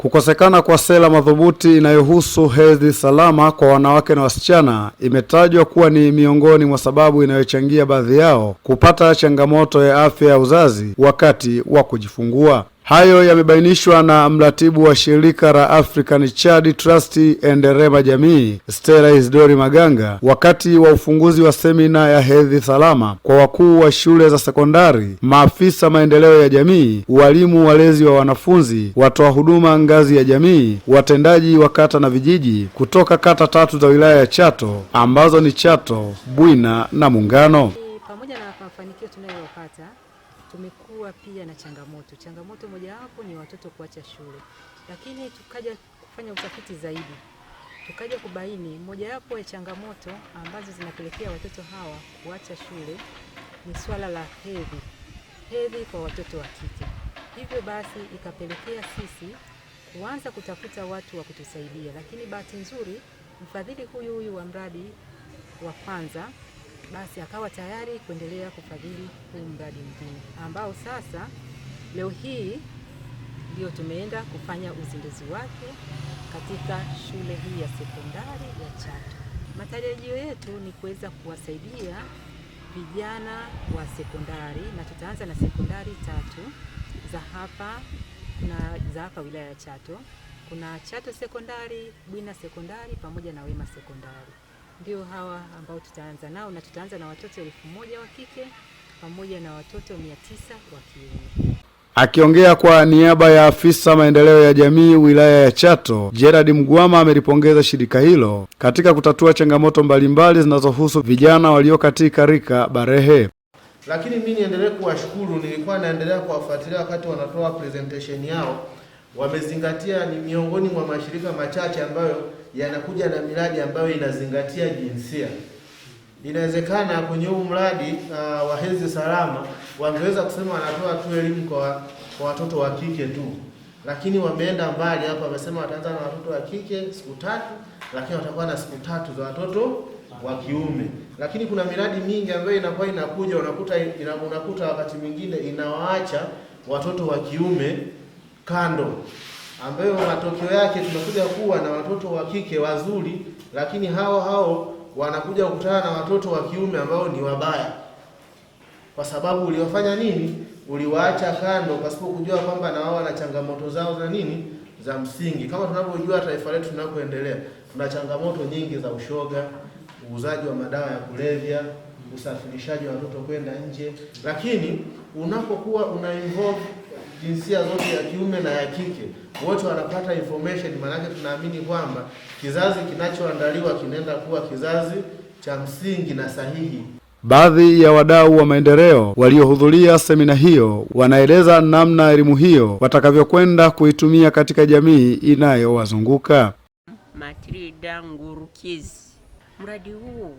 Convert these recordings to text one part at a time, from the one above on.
Kukosekana kwa sera madhubuti inayohusu hedhi salama kwa wanawake na wasichana imetajwa kuwa ni miongoni mwa sababu inayochangia baadhi yao kupata changamoto ya afya ya uzazi wakati wa kujifungua. Hayo yamebainishwa na mratibu wa shirika la African Chad Trust and Rema Jamii Stella Isidori Maganga wakati wa ufunguzi wa semina ya hedhi salama kwa wakuu wa shule za sekondari, maafisa maendeleo ya jamii, walimu walezi wa wanafunzi, watoa huduma ngazi ya jamii, watendaji wa kata na vijiji kutoka kata tatu za wilaya ya Chato ambazo ni Chato, Bwina na Muungano. Pamoja na mafanikio tunayopata tumekuwa pia na changamoto. Changamoto mojawapo ni watoto kuacha shule, lakini tukaja kufanya utafiti zaidi, tukaja kubaini mojawapo ya changamoto ambazo zinapelekea watoto hawa kuacha shule ni swala la hedhi, hedhi kwa watoto wa kike. Hivyo basi ikapelekea sisi kuanza kutafuta watu wa kutusaidia, lakini bahati nzuri mfadhili huyu huyu wa mradi wa kwanza basi akawa tayari kuendelea kufadhili huu mradi mkuu ambao sasa leo hii ndio tumeenda kufanya uzinduzi wake katika shule hii ya sekondari ya Chato. Matarajio yetu ni kuweza kuwasaidia vijana wa sekondari na tutaanza na sekondari tatu za hapa na za hapa wilaya ya Chato. Kuna Chato sekondari, Bwina sekondari pamoja na Wema sekondari ndio hawa ambao tutaanza nao, na tutaanza na watoto elfu moja wa kike pamoja na watoto mia tisa wa kiume. Akiongea kwa niaba ya afisa maendeleo ya jamii wilaya ya Chato, Gerard Mgwama amelipongeza shirika hilo katika kutatua changamoto mbalimbali zinazohusu vijana walio katika rika barehe. Lakini mimi niendelee kuwashukuru, nilikuwa naendelea kuwafuatilia wakati wanatoa presentation yao wamezingatia, ni miongoni mwa mashirika machache ambayo yanakuja na miradi ambayo inazingatia jinsia. Inawezekana kwenye huu mradi uh, wa hedhi salama wangeweza kusema wanatoa tu elimu kwa, kwa watoto wa kike tu, lakini wameenda mbali hapa, wamesema wataanza na watoto wa kike siku tatu, lakini watakuwa na siku tatu za watoto wa kiume. Lakini kuna miradi mingi ambayo inakuwa inakuja, unakuta unakuta wakati mwingine inawaacha watoto wa kiume kando, ambayo matokeo yake tumekuja kuwa na watoto wa kike wazuri, lakini hao hao wanakuja kukutana na watoto wa kiume ambao ni wabaya, kwa sababu uliwafanya nini? Uliwaacha kando pasipo kujua kwamba na wao wana changamoto zao za nini za msingi. Kama tunavyojua taifa letu tunakoendelea, tuna changamoto nyingi za ushoga, uuzaji wa madawa ya kulevya, usafirishaji wa watoto kwenda nje, lakini unapokuwa una involve jinsia zote ya kiume na ya kike wote wanapata information, maanake tunaamini kwamba kizazi kinachoandaliwa kinaenda kuwa kizazi cha msingi na sahihi. Baadhi ya wadau wa maendeleo waliohudhuria semina hiyo wanaeleza namna elimu hiyo watakavyokwenda kuitumia katika jamii inayowazunguka. Matrida Ngurukizi, mradi huu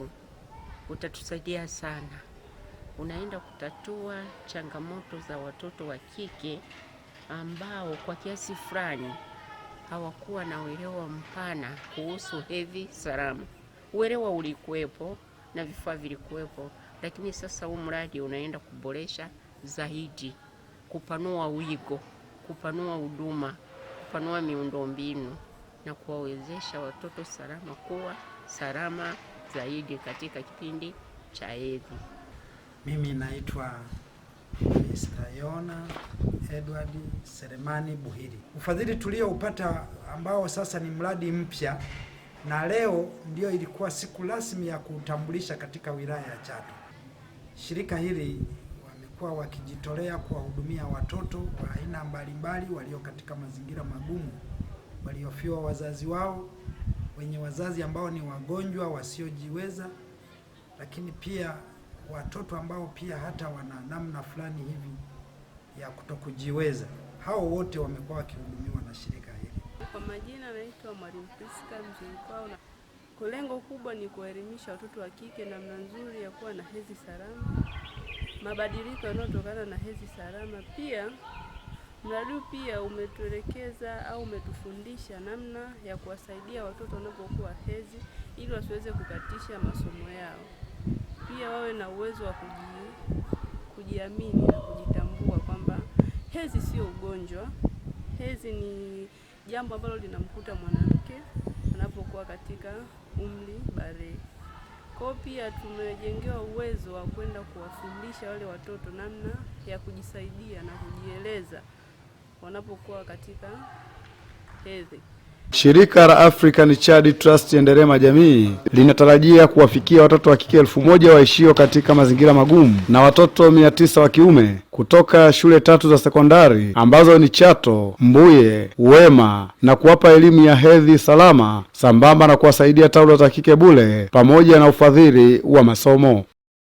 utatusaidia sana unaenda kutatua changamoto za watoto wa kike ambao kwa kiasi fulani hawakuwa na uelewa mpana kuhusu hedhi salama. Uelewa ulikuwepo na vifaa vilikuwepo, lakini sasa huu mradi unaenda kuboresha zaidi, kupanua wigo, kupanua huduma, kupanua miundombinu na kuwawezesha watoto salama kuwa salama zaidi katika kipindi cha hedhi. Mimi naitwa Mr. Yona Edward Selemani Buhiri. Ufadhili tulioupata ambao sasa ni mradi mpya na leo ndio ilikuwa siku rasmi ya kuutambulisha katika wilaya ya Chato. Shirika hili wamekuwa wakijitolea kuwahudumia watoto wa aina mbalimbali walio katika mazingira magumu, waliofiwa wazazi wao, wenye wazazi ambao ni wagonjwa wasiojiweza, lakini pia watoto ambao pia hata wana namna fulani hivi ya kutokujiweza, hao wote wamekuwa wakihudumiwa na shirika hili. Kwa majina naitwa Mwalimu Priska na Lengo kubwa ni kuwaelimisha watoto wa kike namna nzuri ya kuwa na hedhi salama, mabadiliko yanayotokana na hedhi salama. Pia mradi pia umetuelekeza au umetufundisha namna ya kuwasaidia watoto wanapokuwa hedhi, ili wasiweze kukatisha masomo yao pia wawe na uwezo wa kuji, kujiamini na kujitambua kwamba hedhi sio ugonjwa. Hedhi ni jambo ambalo linamkuta mwanamke anapokuwa katika umri bare. Kwao pia tumejengewa uwezo wa kwenda kuwafundisha wale watoto namna ya kujisaidia na kujieleza wanapokuwa katika hedhi. Shirika la African Child Trust Enderema Jamii linatarajia kuwafikia watoto wa kike elfu moja waishio katika mazingira magumu na watoto mia tisa wa kiume kutoka shule tatu za sekondari ambazo ni Chato, Mbuye, wema na kuwapa elimu ya hedhi salama sambamba na kuwasaidia taulo za kike bule pamoja na ufadhili wa masomo.